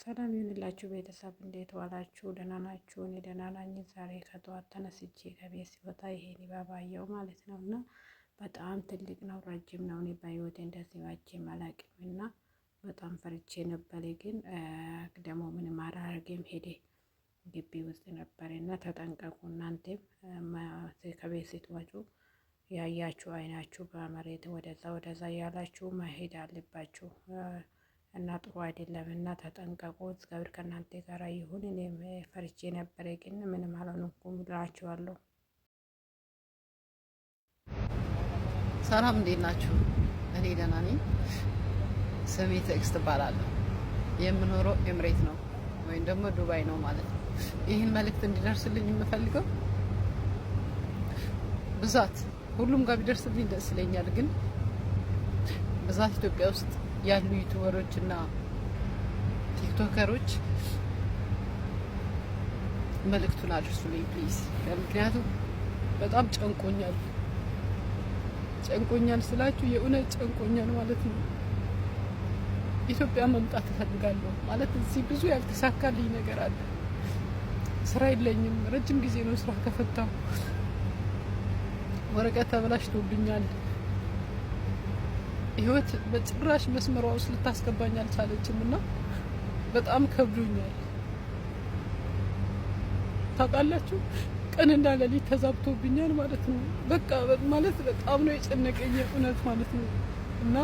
ሰላም ይሁንላችሁ ቤተሰብ፣ እንዴት ዋላችሁ? ደህና ናችሁ? እኔ ደህና ነኝ። ዛሬ ከጠዋት ተነስቼ ከቤት ሲወጣ ይሄን ባባየው ማለት ነው እና በጣም ትልቅ ነው፣ ረጅም ነው። እኔ በህይወቴ እንደዚህ ባቼ አላቅም እና በጣም ፈርቼ ነበር። ግን ደግሞ ምንም አላረገም። ሄዴ ግቢ ውስጥ ነበር እና ተጠንቀቁ እናንቴም ከቤት ስትወጡ ያያችሁ አይናችሁ በመሬት ወደዛ ወደዛ እያላችሁ መሄድ አለባችሁ። እና ጥሩ አይደለም እና ተጠንቀቁ። እግዚአብሔር ከእናንተ ጋር ይሁን። እኔም ፈርቼ ነበረ ግን ምንም አልሆንኩም እላችኋለሁ። ሰላም፣ እንዴት ናችሁ? እኔ ደህና ነኝ። ስሜ ትዕግስት እባላለሁ። የምኖረው ኤምሬት ነው ወይም ደግሞ ዱባይ ነው ማለት ነው። ይህን መልእክት እንዲደርስልኝ የምፈልገው ብዛት ሁሉም ጋር ቢደርስልኝ ደስ ይለኛል፣ ግን ብዛት ኢትዮጵያ ውስጥ ያሉ ዩቱበሮች እና ቲክቶከሮች መልእክቱን አድርሱልኝ ፕሊዝ። ምክንያቱም በጣም ጨንቆኛል። ጨንቆኛል ስላችሁ የእውነት ጨንቆኛል ማለት ነው። ኢትዮጵያ መምጣት እፈልጋለሁ ማለት እዚህ ብዙ ያልተሳካልኝ ነገር አለ። ስራ የለኝም። ረጅም ጊዜ ነው ስራ ከፈታሁ። ወረቀት ተበላሽቶብኛል። ህይወት በጭራሽ መስመሯ ውስጥ ልታስገባኝ አልቻለችም እና በጣም ከብዶኛል። ታውቃላችሁ ቀን እና ሌሊት ተዛብቶብኛል ማለት ነው። በቃ ማለት በጣም ነው የጨነቀኝ እውነት ማለት ነው እና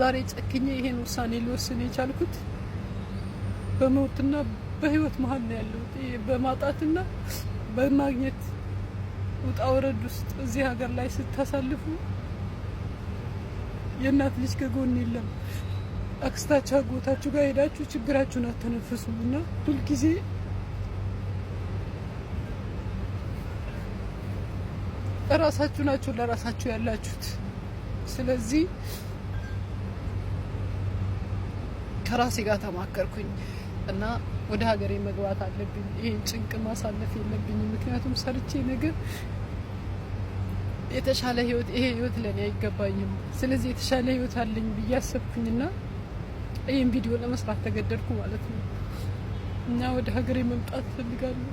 ዛሬ ጨክኜ ይሄን ውሳኔ ሊወስን የቻልኩት በሞትና በህይወት መሀል ነው ያለሁት። በማጣትና በማግኘት ውጣ ውረድ ውስጥ እዚህ ሀገር ላይ ስታሳልፉ የእናት ልጅ ከጎን የለም። አክስታችሁ አጎታችሁ ጋር ሄዳችሁ ችግራችሁን አተነፍሱ እና ሁልጊዜ ራሳችሁ ናችሁ ለራሳችሁ ያላችሁት። ስለዚህ ከራሴ ጋር ተማከርኩኝ እና ወደ ሀገሬ መግባት አለብኝ። ይህን ጭንቅ ማሳለፍ የለብኝም። ምክንያቱም ሰርቼ ነገር የተሻለ ህይወት ይሄ ህይወት ለኔ አይገባኝም፣ ስለዚህ የተሻለ ህይወት አለኝ ብዬ አሰብኩኝና ይህን ቪዲዮ ለመስራት ተገደድኩ ማለት ነው እና ወደ ሀገሬ መምጣት እፈልጋለሁ።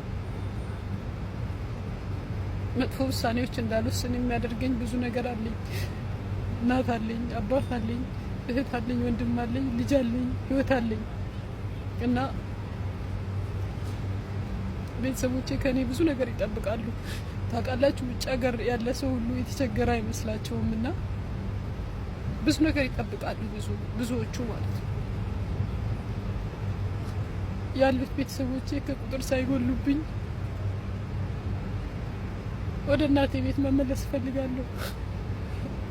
መጥፎ ውሳኔዎች እንዳልወስን የሚያደርገኝ ብዙ ነገር አለኝ። እናት አለኝ፣ አባት አለኝ፣ እህት አለኝ፣ ወንድም አለኝ፣ ልጅ አለኝ፣ ህይወት አለኝ እና ቤተሰቦቼ ከእኔ ብዙ ነገር ይጠብቃሉ። ታውቃላችሁ፣ ውጭ ሀገር ያለ ሰው ሁሉ የተቸገረ አይመስላቸውም እና ብዙ ነገር ይጠብቃሉ ብዙ ብዙዎቹ ማለት ነው ያሉት ቤተሰቦቼ ከቁጥር ሳይጎሉብኝ ወደ እናቴ ቤት መመለስ እፈልጋለሁ።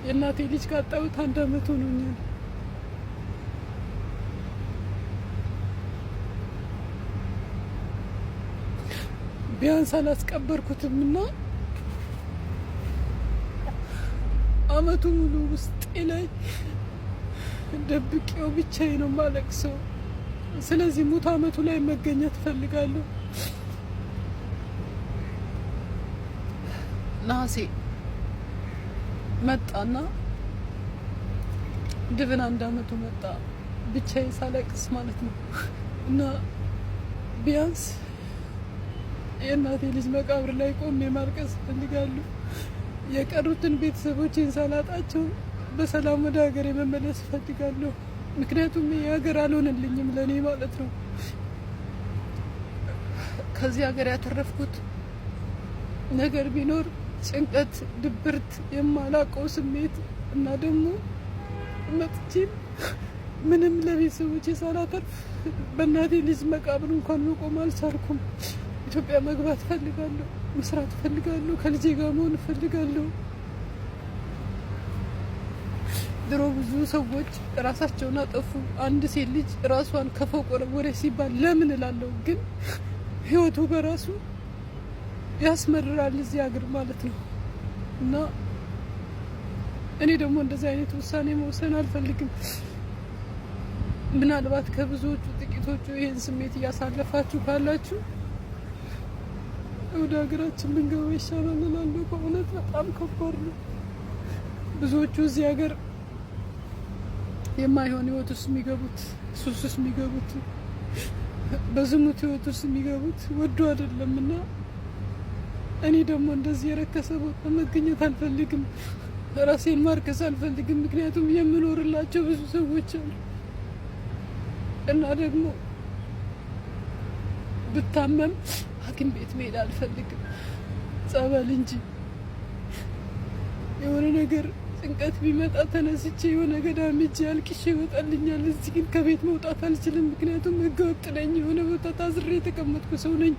የእናቴ ልጅ ካጣሁት አንድ አመት ሆኖኛል። ቢያንስ አላስቀበርኩትም እና አመቱ ሙሉ ውስጤ ላይ ደብቄው ብቻዬ ነው ማለቅሰው። ስለዚህ ሙት አመቱ ላይ መገኘት እፈልጋለሁ። ነሐሴ መጣና ድብን አንድ አመቱ መጣ ብቻዬ ሳለቅስ ማለት ነው እና ቢያንስ የእናቴ ልጅ መቃብር ላይ ቆሜ ማልቀስ እፈልጋለሁ። የቀሩትን ቤተሰቦች ሳላጣቸው በሰላም ወደ ሀገር የመመለስ እፈልጋለሁ። ምክንያቱም ይህ ሀገር አልሆነልኝም ለእኔ ማለት ነው። ከዚህ ሀገር ያተረፍኩት ነገር ቢኖር ጭንቀት፣ ድብርት፣ የማላውቀው ስሜት እና ደግሞ መጥቼ ምንም ለቤተሰቦች ሳላተርፍ በእናቴ ልጅ መቃብር እንኳን መቆም አልቻልኩም። ኢትዮጵያ መግባት ፈልጋለሁ። መስራት እፈልጋለሁ። ከልጄ ጋር መሆን እፈልጋለሁ። ድሮ ብዙ ሰዎች ራሳቸውን አጠፉ። አንድ ሴት ልጅ ራሷን ከፎቅ ወረወረች ሲባል ለምን እላለሁ። ግን ህይወቱ በራሱ ያስመርራል እዚህ ሀገር ማለት ነው። እና እኔ ደግሞ እንደዚህ አይነት ውሳኔ መውሰን አልፈልግም። ምናልባት ከብዙዎቹ ጥቂቶቹ ይህን ስሜት እያሳለፋችሁ ካላችሁ ወደ ሀገራችን ብንገባ ይሻላል እላለሁ። በእውነት በጣም ከባድ ነው። ብዙዎቹ እዚህ ሀገር የማይሆን ህይወት ውስጥ የሚገቡት ሱስ ውስጥ የሚገቡት በዝሙት ህይወት ውስጥ የሚገቡት ወዱ አይደለም እና እኔ ደግሞ እንደዚህ የረከሰ ቦታ መገኘት አልፈልግም። ራሴን ማርከስ አልፈልግም። ምክንያቱም የምኖርላቸው ብዙ ሰዎች አሉ እና ደግሞ ብታመም ሐኪም ቤት መሄድ አልፈልግም። ጸበል እንጂ የሆነ ነገር ጭንቀት ቢመጣ ተነስቼ የሆነ ገዳም ሄጄ ያልቅሽ ይወጣልኛል። እዚህ ግን ከቤት መውጣት አልችልም፣ ምክንያቱም ሕገ ነኝ። የሆነ ቦታ ታዝሬ የተቀመጥኩ ሰው ነኝ።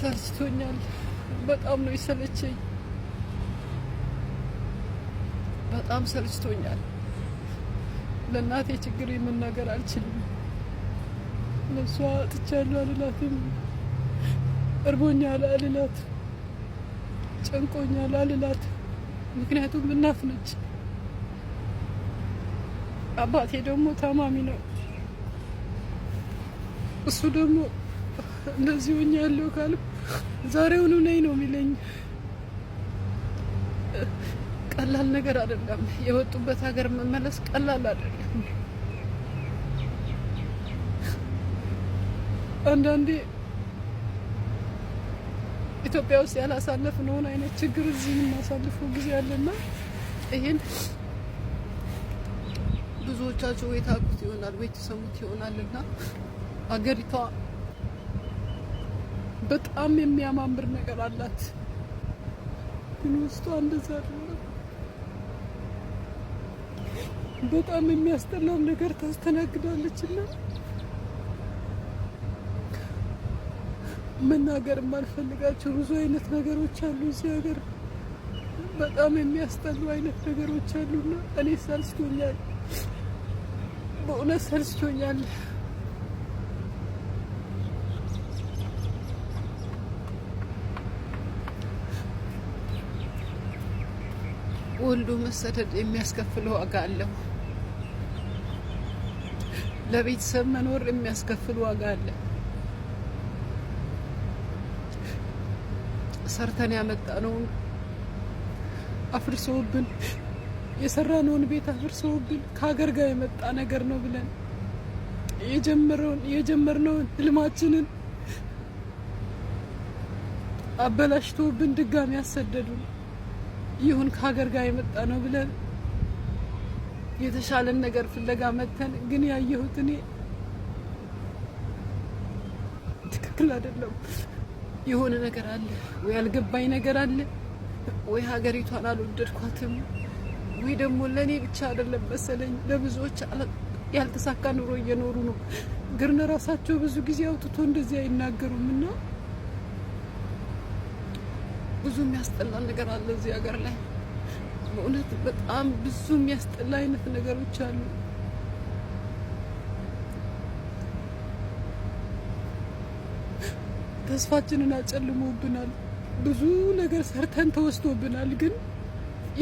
ሰልችቶኛል። በጣም ነው የሰለቸኝ። በጣም ሰልችቶኛል። ለእናቴ ችግር ነገር አልችልም። ለእሷ አጥቻለሁ አልላትም። እርቦኛል አልላት፣ ጨንቆኛል አልላት። ምክንያቱም እናት ነች። አባቴ ደግሞ ታማሚ ነው። እሱ ደግሞ እንደዚህ ሆኜ ያለው ካል ዛሬውኑ ነይ ነው የሚለኝ። ቀላል ነገር አይደለም። የወጡበት ሀገር መመለስ ቀላል አይደለም። አንዳንዴ ኢትዮጵያ ውስጥ ያላሳለፍነውን አይነት ችግር እዚህ የምናሳልፈው ጊዜ አለና ይሄን ብዙዎቻችሁ ወይ ታውቁት ይሆናል ወይ ትሰሙት ይሆናል እና አገሪቷ በጣም የሚያማምር ነገር አላት፣ ግን ውስጧ እንደዛ አይደለም። በጣም የሚያስጠላም ነገር ታስተናግዳለች እና መናገር የማልፈልጋቸው ብዙ አይነት ነገሮች አሉ እዚህ ሀገር በጣም የሚያስጠሉ አይነት ነገሮች አሉና እኔ ሰልስቶኛል፣ በእውነት ሰልስቶኛል። ወልዶ መሰደድ የሚያስከፍለው ዋጋ አለው። ለቤተሰብ መኖር የሚያስከፍል ዋጋ አለ። ሰርተን ያመጣነውን አፍርሰውብን የሰራነውን ቤት አፍርሰውብን ከሀገር ጋር የመጣ ነገር ነው ብለን የጀመረውን የጀመርነውን ህልማችንን አበላሽተውብን ድጋሚ ያሰደዱን። ይሁን ከሀገር ጋር የመጣ ነው ብለን የተሻለን ነገር ፍለጋ መተን ግን ያየሁት እኔ ትክክል አይደለም። የሆነ ነገር አለ ወይ ያልገባኝ ነገር አለ ወይ ሀገሪቷን አልወደድኳትም ወይ ደግሞ ለእኔ ብቻ አይደለም መሰለኝ ለብዙዎች ያልተሳካ ኑሮ እየኖሩ ነው። ግን ራሳቸው ብዙ ጊዜ አውጥቶ እንደዚህ አይናገሩም እና ብዙ የሚያስጠላ ነገር አለ እዚህ ሀገር ላይ በእውነት በጣም ብዙ የሚያስጠላ አይነት ነገሮች አሉ። ተስፋችንን አጨልሞብናል። ብዙ ነገር ሰርተን ተወስዶብናል። ግን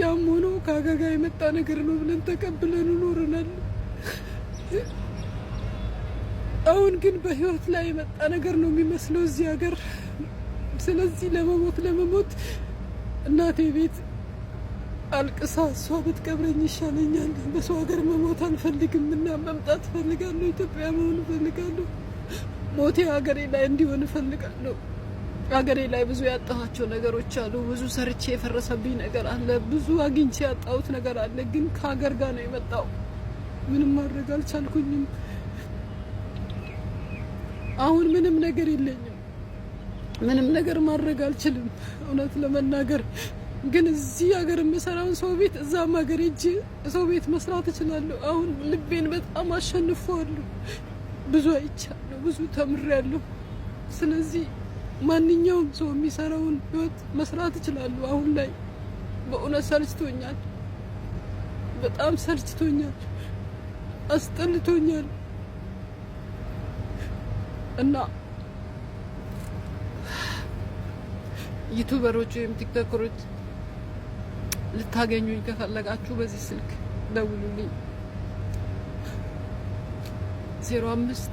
ያም ሆኖ ከአጋጋ የመጣ ነገር ነው ብለን ተቀብለን ኖረናል። አሁን ግን በህይወት ላይ የመጣ ነገር ነው የሚመስለው እዚህ ሀገር። ስለዚህ ለመሞት ለመሞት እናቴ ቤት አልቅሳ እሷ ብትቀብረኝ ይሻለኛል። በሰው ሀገር መሞት አልፈልግም እና መምጣት እፈልጋለሁ። ኢትዮጵያ መሆን እፈልጋለሁ። ሞቴ ሀገሬ ላይ እንዲሆን እፈልጋለሁ። ሀገሬ ላይ ብዙ ያጣኋቸው ነገሮች አሉ። ብዙ ሰርቼ የፈረሰብኝ ነገር አለ። ብዙ አግኝቼ ያጣሁት ነገር አለ። ግን ከሀገር ጋር ነው የመጣው። ምንም ማድረግ አልቻልኩኝም። አሁን ምንም ነገር የለኝም። ምንም ነገር ማድረግ አልችልም እውነት ለመናገር ግን እዚህ ሀገር የምሰራውን ሰው ቤት እዛም ሀገር እጅ ሰው ቤት መስራት እችላለሁ። አሁን ልቤን በጣም አሸንፈዋለሁ ብዙ አይቻል ብዙ ተምሬያለሁ። ስለዚህ ማንኛውም ሰው የሚሰራውን ህይወት መስራት እችላለሁ። አሁን ላይ በእውነት ሰልችቶኛል፣ በጣም ሰልችቶኛል፣ አስጠልቶኛል እና ዩቱበሮች ወይም ቲክቶከሮች ልታገኙኝ ከፈለጋችሁ በዚህ ስልክ ደውሉልኝ ዜሮ አምስት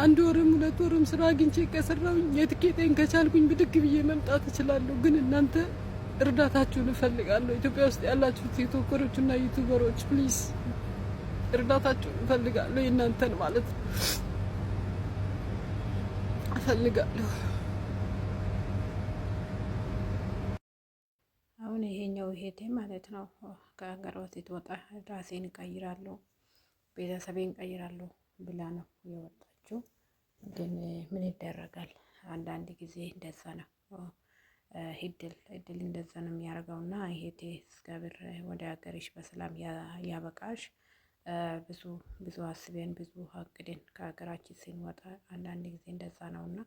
አንድ ወርም ሁለት ወርም ስራ አግኝቼ ከሰራሁኝ የትኬቴን ከቻልኩኝ ብድግ ብዬ መምጣት እችላለሁ። ግን እናንተ እርዳታችሁን እፈልጋለሁ። ኢትዮጵያ ውስጥ ያላችሁ ቲክቶከሮች እና ዩቱበሮች ፕሊዝ እርዳታችሁን እፈልጋለሁ። የእናንተን ማለት ነው እፈልጋለሁ። አሁን ይሄኛው ይሄቴ ማለት ነው ከሀገር ወጥታ ራሴን እቀይራለሁ፣ ቤተሰቤን እቀይራለሁ ብላ ነው የወጣ ትችላላችሁ። ግን ምን ይደረጋል፣ አንዳንድ ጊዜ እንደዛ ነው። ሂድል እድል እንደዛ ነው የሚያደርገው እና ይሄቴ እግዚአብሔር ወደ ሀገርሽ በሰላም ያበቃሽ። ብዙ ብዙ አስቤን ብዙ አቅድን ከሀገራችን ስንወጣ አንዳንድ ጊዜ እንደዛ ነው እና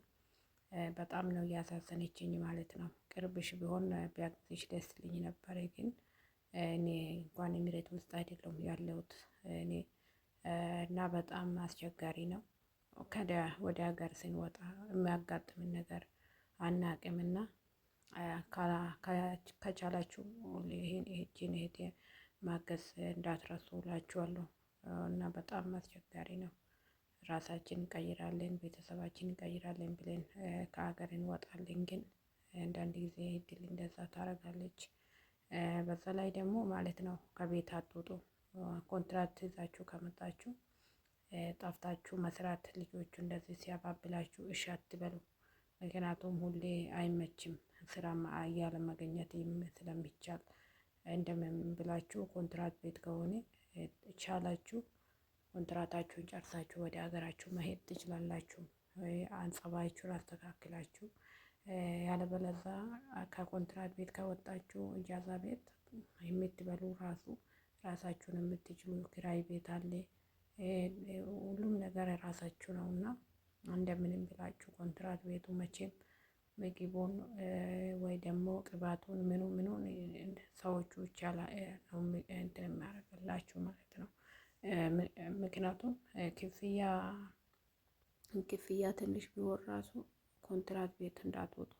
በጣም ነው እያሳዘነችኝ ማለት ነው። ቅርብሽ ቢሆን ቢያግዝሽ ደስ ልኝ ነበረ። ግን እኔ እንኳን ኤሚሬት ውስጥ አይደለሁም ያለሁት እኔ እና በጣም አስቸጋሪ ነው። ወደ ሀገር ስንወጣ የሚያጋጥምን ነገር አናቅምና ከቻላችሁ ይህን ይህችን ይሄ ማገዝ እንዳትረሱ እላችኋለሁ። እና በጣም አስቸጋሪ ነው። ራሳችን እንቀይራለን፣ ቤተሰባችን እንቀይራለን ብለን ከሀገር እንወጣለን። ግን አንዳንድ ጊዜ እድል እንደዛ ታረጋለች። በዛ ላይ ደግሞ ማለት ነው ከቤት አትወጡ። ኮንትራት ይዛችሁ ከመጣችሁ ጣፍጣችሁ መስራት ልጆቹ እንደዚህ ሲያባብላችሁ እሺ አትበሉ። ምክንያቱም ሁሌ አይመችም ስራ እያለ መገኘት ስለሚቻል እንደምን ብላችሁ ኮንትራት ቤት ከሆነ ቻላችሁ ኮንትራታችሁን ጨርሳችሁ ወደ ሀገራችሁ መሄድ ትችላላችሁ። አንጸባችሁን አስተካክላችሁ ያለበለዛ ከኮንትራት ቤት ከወጣችሁ እጃዛ ቤት የምትበሉ ራሱ ራሳችሁን የምትችሉ ክራይ ቤት አለ ሁሉም ነገር የራሳችሁ ነው እና እንደምንም ብላችሁ ኮንትራት ቤቱ መቼም ምግቡን ወይ ደግሞ ቅባቱን ምኑ ምኑን ሰዎቹ ነው እንትን የሚያደርግላችሁ ማለት ነው። ምክንያቱም ክፍያ ክፍያ ትንሽ ቢሆን ራሱ ኮንትራት ቤት እንዳትወጡ፣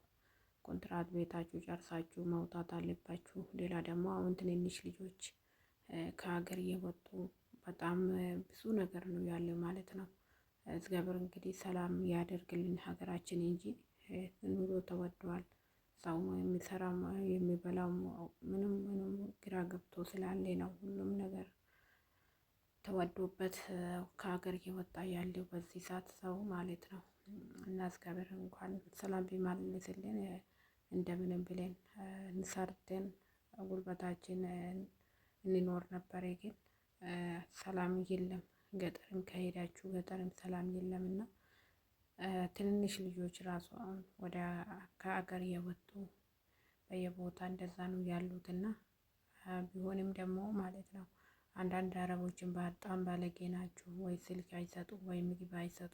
ኮንትራት ቤታችሁ ጨርሳችሁ መውጣት አለባችሁ። ሌላ ደግሞ አሁን ትንንሽ ልጆች ከሀገር እየወጡ በጣም ብዙ ነገር ነው ያለው ማለት ነው። እግዚአብሔር እንግዲህ ሰላም ያደርግልን ሀገራችን እንጂ ኑሮ ተወዷል። ሰው የሚሰራ የሚበላው ምንም ምንም ግራ ገብቶ ስላለ ነው ሁሉም ነገር ተወዶበት ከሀገር እየወጣ ያለው በዚህ ሰዓት ሰው ማለት ነው። እና እግዚአብሔር እንኳን ሰላም ቢመልስልን እንደምንም ብለን እንሰርተን ጉልበታችን እንኖር ነበረ ግን ሰላም የለም። ገጠርም ከሄዳችሁ ገጠርም ሰላም የለም እና ትንንሽ ልጆች ራሱ ወደ ከአገር የወጡ በየቦታ እንደዛ ነው ያሉት እና ቢሆንም ደግሞ ማለት ነው አንዳንድ አረቦችን በጣም ባለጌ ናቸው፣ ወይ ስልክ አይሰጡ፣ ወይ ምግብ አይሰጡ፣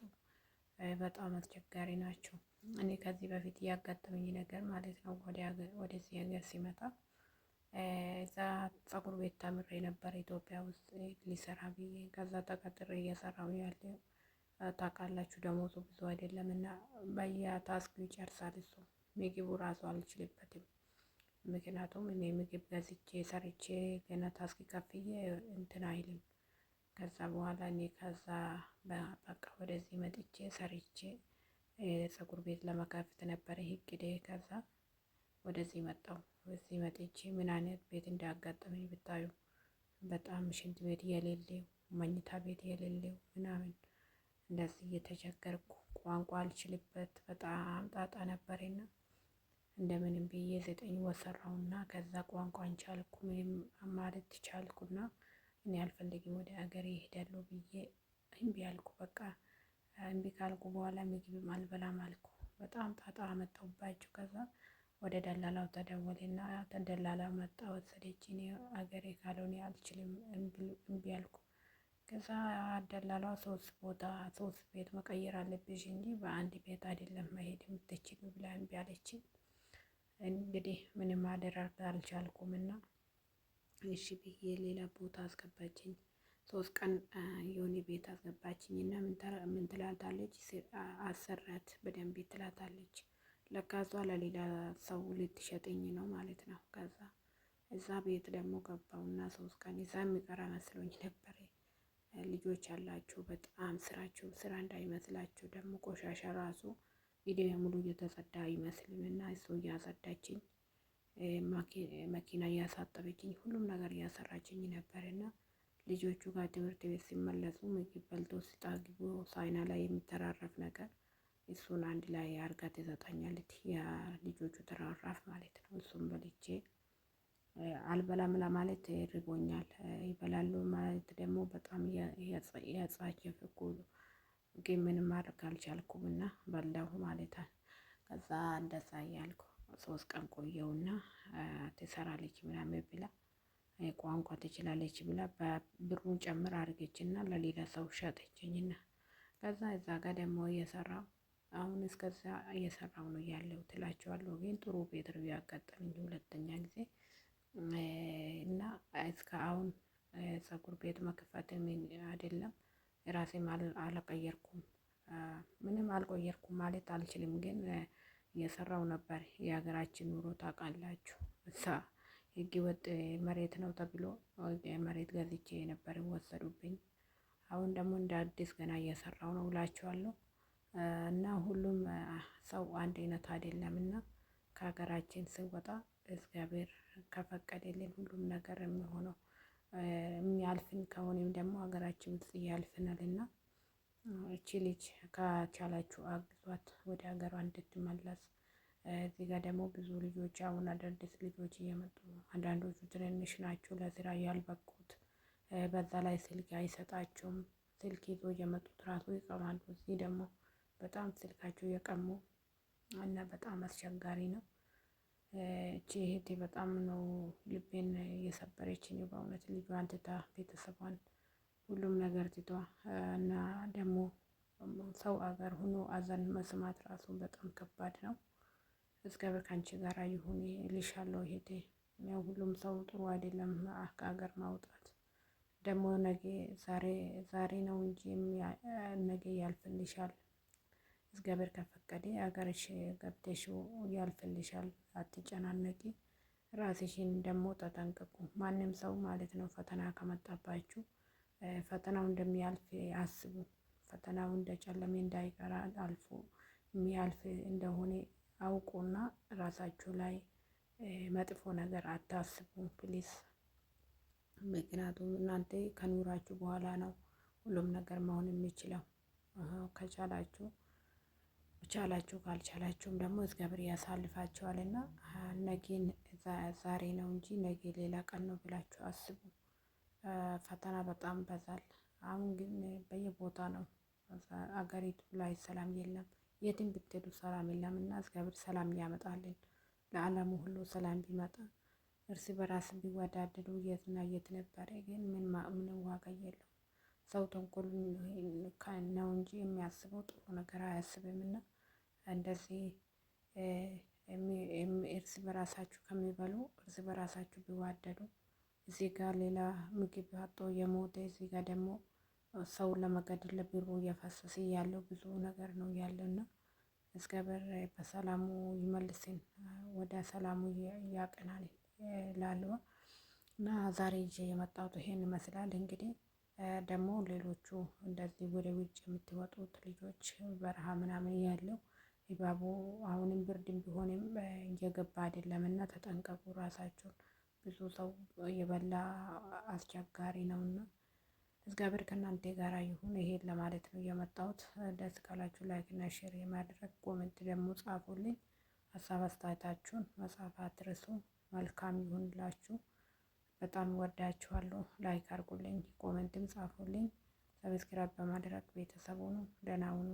በጣም አስቸጋሪ ናቸው። እኔ ከዚህ በፊት እያጋጠመኝ ነገር ማለት ነው ወደዚህ ሀገር ሲመጣ እዛ ጸጉር ቤት ተምሬ ነበር ኢትዮጵያ ውስጥ ሊሰራ ብዬ ከዛ ተቀጥሬ እየሰራው ያለ ታውቃላችሁ። ደሞዙ ብዙ አይደለም እና በያ ይጨርሳል እሱ ምግቡ ራሱ አልችልበትም። ምክንያቱም እኔ ምግብ ገዝቼ ሰርቼ ገና ታስክ ከፍዬ እንትን አይልም። ከዛ በኋላ እኔ ከዛ በቃ ወደዚህ መጥቼ ሰርቼ ፀጉር ቤት ለመከፍት ነበር ይሄ እቅዴ። ከዛ ወደዚህ መጣው። እዚህ መጥቼ ምን አይነት ቤት እንዳጋጠመኝ ብታዩ በጣም ሽንት ቤት የሌለው መኝታ ቤት የሌለው ምናምን እንደዚህ እየተቸገርኩ ቋንቋ አልችልበት በጣም ጣጣ ነበሬና እንደምንም ብዬ ዘጠኝ ወር ሰራሁና ከዛ ቋንቋን ቻልኩ ምንም ማለት ቻልኩና እኔ አልፈልግም ወደ ሀገሬ ይሄዳሉ ብዬ እምቢ አልኩ። በቃ እምቢ ካልኩ በኋላ ምግብም አልበላም አልኩ። በጣም ጣጣ አመጣሁባቸው ከዛ ወደ ደላላው ተደወለና ደላላው መጣ ወሰደች። እኔ አገሬ ካልሆነ አልችልም እምቢ አልኩ። ከዛ ደላላው ሶስት ቦታ ሶስት ቤት መቀየር አለብሽ እንጂ በአንድ ቤት አይደለም መሄድ የምትችሉ ብላ እምቢ አለችኝ። እንግዲህ ምንም ማደራግ አልቻልኩም እና እሺ ብዬ ሌላ ቦታ አስገባችኝ። ሶስት ቀን የሆነ ቤት አስገባችኝ እና ምን ትላታለች አሰራት በደንብ ትላታለች ለካዟ ለሌላ ሰው ልትሸጠኝ ነው ማለት ነው። ከዛ እዛ ቤት ደግሞ ገባውና ሶስት ቀን እዛ የሚቀራ መስሎኝ ነበር። ልጆች አላችሁ በጣም ስራችሁ ስራ እንዳይመስላችሁ ደግሞ ቆሻሻ ራሱ ቪዲዮ ሙሉ እየተጸዳ አይመስልም። እና እሱ እያጸዳችኝ መኪና እያሳጠበችኝ ሁሉም ነገር እያሰራችኝ ነበር። እና ልጆቹ ጋር ትምህርት ቤት ሲመለሱ ምግብ በልቶ ሲጣግቡ ሳይና ላይ የሚተራረፍ ነገር እሱን አንድ ላይ አርጋ ትሰጠኛለች። የልጆቹ ተራራፍ ማለት ነው። እሱን በልቼ አልበላም ለማለት ርቦኛል። ይበላሉ ማለት ደግሞ በጣም ያጻቸፍኩ ግን ምንም ማድረግ አልቻልኩም እና በላሁ ማለት ከዛ እንደዛ እያልኩ ሶስት ቀን ቆየውና ትሰራለች ምናምን ብላ ቋንቋ ትችላለች ብላ በብሩን ጨምር አድርገችና ለሌላ ሰው ሸጠችኝና ከዛ እዛ ጋር ደግሞ እየሰራው አሁን እስከዛ እየሰራው ነው ያለው ትላቸዋለሁ። ግን ጥሩ ቤትር ያጋጠመኝ ሁለተኛ ጊዜ እና እስከ አሁን ጸጉር ቤት መክፈት አይደለም ራሴም አልቀየርኩም፣ ምንም አልቆየርኩም ማለት አልችልም። ግን እየሰራው ነበር። የሀገራችን ኑሮ ታውቃላችሁ። እሳ ህገ ወጥ መሬት ነው ተብሎ መሬት ገዝቼ ነበር ወሰዱብኝ። አሁን ደግሞ እንደ አዲስ ገና እየሰራው ነው እላችኋለሁ። እና ሁሉም ሰው አንድ አይነት አይደለም እና ከሀገራችን ስወጣ እግዚአብሔር ከፈቀደልን ሁሉም ነገር የሚሆነው የሚያልፍን ከሆነም ደግሞ ሀገራችን ውስጥ እያልፍናል እና እቺ ልጅ ከቻላችሁ አግዟት ወደ ሀገሯ እንድትመለስ። እዚህ ጋር ደግሞ ብዙ ልጆች አሁን አዳዲስ ልጆች እየመጡ አንዳንዶቹ ትንንሽ ናቸው ለስራ ያልበቁት፣ በዛ ላይ ስልክ አይሰጣቸውም። ስልክ ይዞ እየመጡት ራሱ ይቀማሉ። እዚህ ደግሞ በጣም ስልካቸው የቀሙ እና በጣም አስቸጋሪ ነው። እቺ እህቴ በጣም ነው ልቤን እየሰበረችኝ በእውነት ልጇን ትታ ቤተሰቧን ሁሉም ነገር ትቷ እና ደግሞ ሰው አገር ሆኖ አዘን መስማት ራሱ በጣም ከባድ ነው። እግዚአብሔር ካንቺ ጋር ይሁን እልሻለሁ እህቴ። ያው ሁሉም ሰው ጥሩ አይደለም ከሀገር ማውጣት ደግሞ ነገ ዛሬ ዛሬ ነው እንጂ ነገ ያልፍልሻል። እግዚአብሔር ከፈቀደ አገርሽ ገብተሽ ያልፍልሻል። አትጨናነቂ። ራስሽን ደግሞ ተጠንቀቁ። ማንም ሰው ማለት ነው ፈተና ከመጣባችሁ ፈተናው እንደሚያልፍ አስቡ። ፈተናው እንደ ጨለሜ እንዳይቀራ አልፎ የሚያልፍ እንደሆነ አውቁና ራሳችሁ ላይ መጥፎ ነገር አታስቡ ፕሊስ። ምክንያቱም እናንተ ከኑራችሁ በኋላ ነው ሁሉም ነገር መሆን የሚችለው ከቻላችሁ ቻላችሁ ካልቻላችሁም ደግሞ እግዚአብሔር እና ነጌን ዛሬ ነው እንጂ ነጌ ሌላ ቀን ነው ብላችሁ አስቡ። ፈተና በጣም በዛል። አሁን ግን በየቦታ ነው አገሪቱ ላይ ሰላም የለም። የትም ብትሄዱ ሰላም የለም እና እግዚአብሔር ሰላም ያመጣልን። ለዓለሙ ሁሉ ሰላም ቢመጣ እርስ በራስ ቢወዳደሩ የትና የት ነበረ። ግን ምን ዋጋ የለው። ሰው ተንኮል ነው እንጂ የሚያስበው ጥሩ ነገር አያስብም እና እንደዚህ እርስ በራሳችሁ ከሚበሉ እርስ በራሳችሁ ቢዋደዱ እዚህ ጋር ሌላ ምግብ አጦ የሞተ እዚህ ጋር ደግሞ ሰው ለመገደል ብሩ እየፈሰሰ ያለው ብዙ ነገር ነው ያለው እና እግዚአብሔር በሰላሙ ይመልስን፣ ወደ ሰላሙ ያቀናል ላለው እና ዛሬ ይዤ የመጣሁት ይሄን ይመስላል። እንግዲህ ደግሞ ሌሎቹ እንደዚህ ወደ ውጭ የምትወጡት ልጆች በረሃ ምናምን ያለው ድባቡ አሁንም ብርድም ቢሆንም እየገባ አይደለም እና ተጠንቀቁ ራሳችሁን። ብዙ ሰው የበላ አስቸጋሪ ነው እና እግዚአብሔር ከእናንተ ጋር ይሁን። ይሄን ለማለት ነው የመጣሁት። ደስ ካላችሁ እና ሼር የማድረግ ኮሜንት ደግሞ ጻፉልኝ። ሀሳብ አስተያየታችሁን መጻፍ አትርሱ። መልካም ይሁንላችሁ። በጣም ወዳችኋለሁ። ላይክ አድርጉልኝ፣ ኮሜንትም ጻፉልኝ። ሰብስክራይብ በማድረግ ቤተሰቡን ደህና ሁኑ።